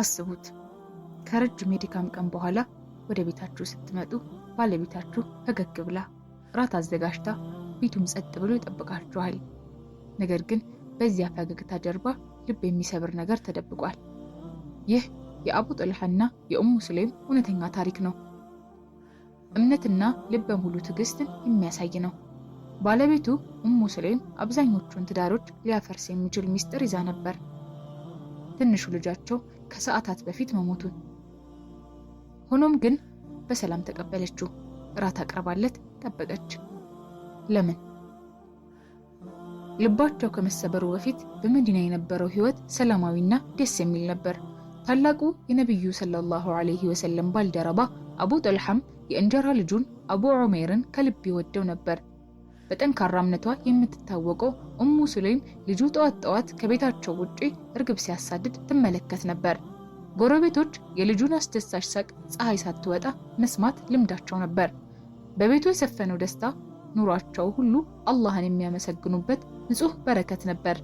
አስቡት ከረጅም የድካም ቀን በኋላ ወደ ቤታችሁ ስትመጡ ባለቤታችሁ ፈገግ ብላ ጥራት አዘጋጅታ ቤቱም ጸጥ ብሎ ይጠብቃችኋል። ነገር ግን በዚያ ፈገግታ ጀርባ ልብ የሚሰብር ነገር ተደብቋል። ይህ የአቡ ጦልሃና የኡሙ ሱሌም እውነተኛ ታሪክ ነው። እምነትና ልበ ሙሉ ትዕግስትን የሚያሳይ ነው። ባለቤቱ ኡሙ ሱሌም አብዛኞቹን ትዳሮች ሊያፈርስ የሚችል ሚስጥር ይዛ ነበር። ትንሹ ልጃቸው ከሰዓታት በፊት መሞቱን። ሆኖም ግን በሰላም ተቀበለችው። እራት አቅርባለት ጠበቀች። ለምን? ልባቸው ከመሰበሩ በፊት በመዲና የነበረው ህይወት ሰላማዊና ደስ የሚል ነበር። ታላቁ የነቢዩ ሰለላሁ ዐለይሂ ወሰለም ባልደረባ አቡ ጠልሐም የእንጀራ ልጁን አቡ ዑሜርን ከልብ ይወደው ነበር። በጠንካራ እምነቷ የምትታወቀው ኡሙ ሱሌም ልጁ ጠዋት ጠዋት ከቤታቸው ውጪ እርግብ ሲያሳድድ ትመለከት ነበር። ጎረቤቶች የልጁን አስደሳች ሳቅ ፀሐይ ሳትወጣ መስማት ልምዳቸው ነበር። በቤቱ የሰፈነው ደስታ ኑሯቸው ሁሉ አላህን የሚያመሰግኑበት ንጹህ በረከት ነበር።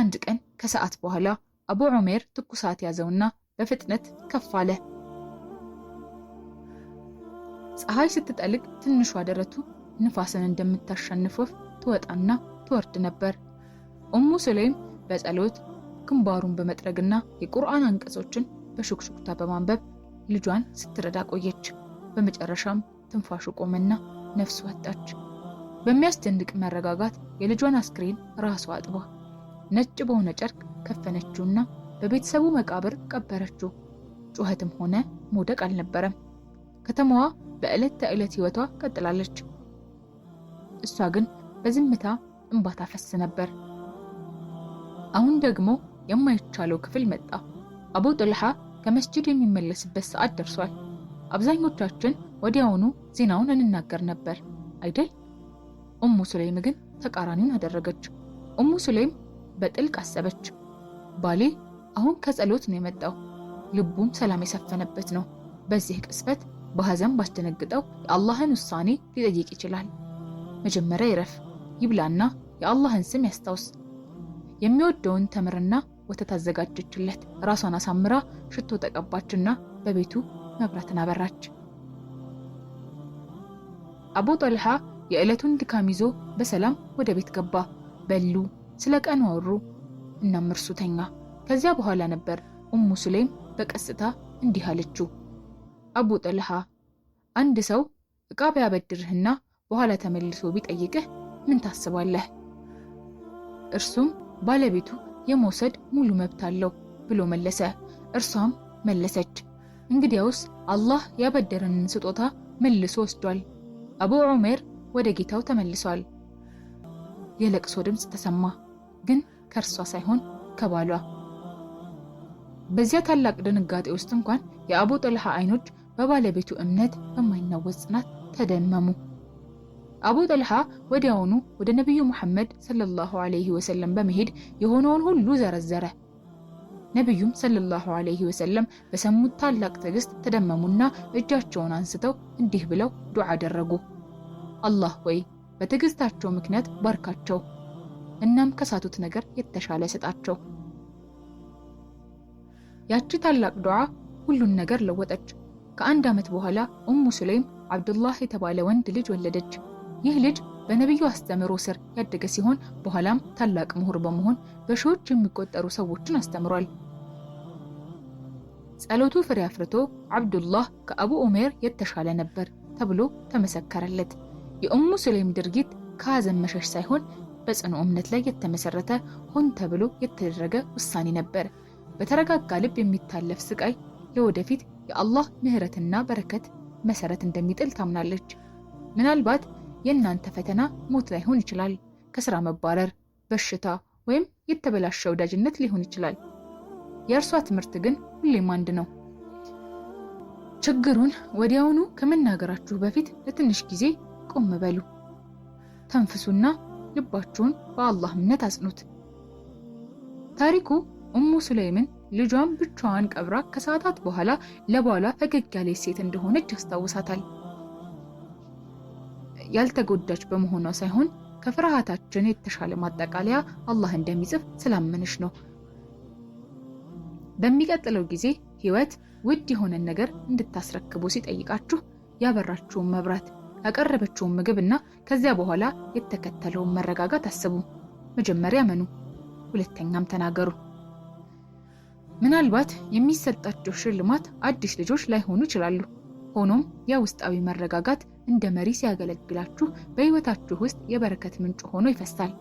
አንድ ቀን ከሰዓት በኋላ አቡ ዑሜር ትኩሳት ያዘውና በፍጥነት ከፍ አለ። ፀሐይ ስትጠልቅ ትንሿ ደረቱ ንፋስን እንደምታሸንፍ ትወጣና ትወርድ ነበር። ኡሙ ሱሌይም በጸሎት ግንባሩን በመጥረግና የቁርአን አንቀጾችን በሹክሹክታ በማንበብ ልጇን ስትረዳ ቆየች። በመጨረሻም ትንፋሹ ቆመና ነፍስ ወጣች። በሚያስደንቅ መረጋጋት የልጇን አስክሬን ራሷ አጥቧ ነጭ በሆነ ጨርቅ ከፈነችውና በቤተሰቡ መቃብር ቀበረችው። ጩኸትም ሆነ መውደቅ አልነበረም። ከተማዋ በዕለት ተዕለት ሕይወቷ ቀጥላለች። እሷ ግን በዝምታ እንባ ታፈስ ነበር። አሁን ደግሞ የማይቻለው ክፍል መጣ። አቡ ጦልሃ ከመስጂድ የሚመለስበት ሰዓት ደርሷል። አብዛኞቻችን ወዲያውኑ ዜናውን እንናገር ነበር አይደል? ኡሙ ሱለይም ግን ተቃራኒውን አደረገች። ኡሙ ሱሌይም በጥልቅ አሰበች። ባሌ አሁን ከጸሎት ነው የመጣው፣ ልቡም ሰላም የሰፈነበት ነው። በዚህ ቅስፈት በሐዘን ባስደነግጠው የአላህን ውሳኔ ሊጠይቅ ይችላል። መጀመሪያ ይረፍ ይብላና የአላህን ስም ያስታውስ። የሚወደውን ተምርና ወተት አዘጋጀችለት። ራሷን አሳምራ ሽቶ ተቀባችና በቤቱ መብራትን አበራች። አቡ ጠልሃ የዕለቱን ድካም ይዞ በሰላም ወደ ቤት ገባ። በሉ፣ ስለ ቀኑ አወሩ። እናም እርሱ ተኛ። ከዚያ በኋላ ነበር ኡሙ ሱሌም በቀስታ እንዲህ አለችው። አቡ ጠልሃ አንድ ሰው ዕቃ ቢያበድርህና በኋላ ተመልሶ ቢጠይቅህ ምን ታስባለህ? እርሱም ባለቤቱ የመውሰድ ሙሉ መብት አለው ብሎ መለሰ። እርሷም መለሰች፣ እንግዲያውስ አላህ ያበደረንን ስጦታ መልሶ ወስዷል። አቡ ዑሜር ወደ ጌታው ተመልሷል። የለቅሶ ድምፅ ተሰማ፣ ግን ከእርሷ ሳይሆን ከባሏ። በዚያ ታላቅ ድንጋጤ ውስጥ እንኳን የአቡ ጠልሃ አይኖች በባለቤቱ እምነት በማይናወጽ ጽናት ተደመሙ። አቡ ጠልሃ ወዲያውኑ ወደ ነቢዩ ሙሐመድ ሰለላሁ ዐለይሂ ወሰለም በመሄድ የሆነውን ሁሉ ዘረዘረ። ነቢዩም ሰለላሁ ዐለይሂ ወሰለም በሰሙት ታላቅ ትዕግስት ተደመሙና እጃቸውን አንስተው እንዲህ ብለው ዱዓ አደረጉ። አላህ ወይ በትዕግስታቸው ምክንያት ባርካቸው፣ እናም ከሳቱት ነገር የተሻለ ስጣቸው። ያቺ ታላቅ ዱዓ ሁሉን ነገር ለወጠች። ከአንድ ዓመት በኋላ ኡሙ ሱለይም አብዱላህ የተባለ ወንድ ልጅ ወለደች። ይህ ልጅ በነቢዩ አስተምህሮ ስር ያደገ ሲሆን በኋላም ታላቅ ምሁር በመሆን በሺዎች የሚቆጠሩ ሰዎችን አስተምሯል። ጸሎቱ ፍሬ አፍርቶ አብዱላህ ከአቡ ኡሜር የተሻለ ነበር ተብሎ ተመሰከረለት። የኡሙ ሱለይም ድርጊት ከሐዘን መሸሽ ሳይሆን በጽኑ እምነት ላይ የተመሰረተ ሆን ተብሎ የተደረገ ውሳኔ ነበር። በተረጋጋ ልብ የሚታለፍ ስቃይ ለወደፊት የአላህ ምህረትና በረከት መሰረት እንደሚጥል ታምናለች። ምናልባት የእናንተ ፈተና ሞት ላይሆን ይችላል፣ ከስራ መባረር፣ በሽታ ወይም የተበላሸ ወዳጅነት ሊሆን ይችላል። የእርሷ ትምህርት ግን ሁሌም አንድ ነው። ችግሩን ወዲያውኑ ከመናገራችሁ በፊት ለትንሽ ጊዜ ቆም በሉ፣ ተንፍሱና ልባችሁን በአላህ እምነት አጽኑት። ታሪኩ ኡሙ ሱለይምን ልጇን ብቻዋን ቀብራ ከሰዓታት በኋላ ለባሏ ፈገግ ያለች ሴት እንደሆነች ያስታውሳታል። ያልተጎዳች በመሆኗ ሳይሆን ከፍርሃታችን የተሻለ ማጠቃለያ አላህ እንደሚጽፍ ስላመንሽ ነው። በሚቀጥለው ጊዜ ህይወት ውድ የሆነን ነገር እንድታስረክቡ ሲጠይቃችሁ ያበራችውን መብራት ያቀረበችውን ምግብ እና ከዚያ በኋላ የተከተለውን መረጋጋት አስቡ። መጀመሪያ መኑ፣ ሁለተኛም ተናገሩ። ምናልባት የሚሰጣቸው ሽልማት አዲስ ልጆች ላይሆኑ ይችላሉ። ሆኖም የውስጣዊ መረጋጋት እንደ መሪ ሲያገለግላችሁ በሕይወታችሁ ውስጥ የበረከት ምንጭ ሆኖ ይፈሳል።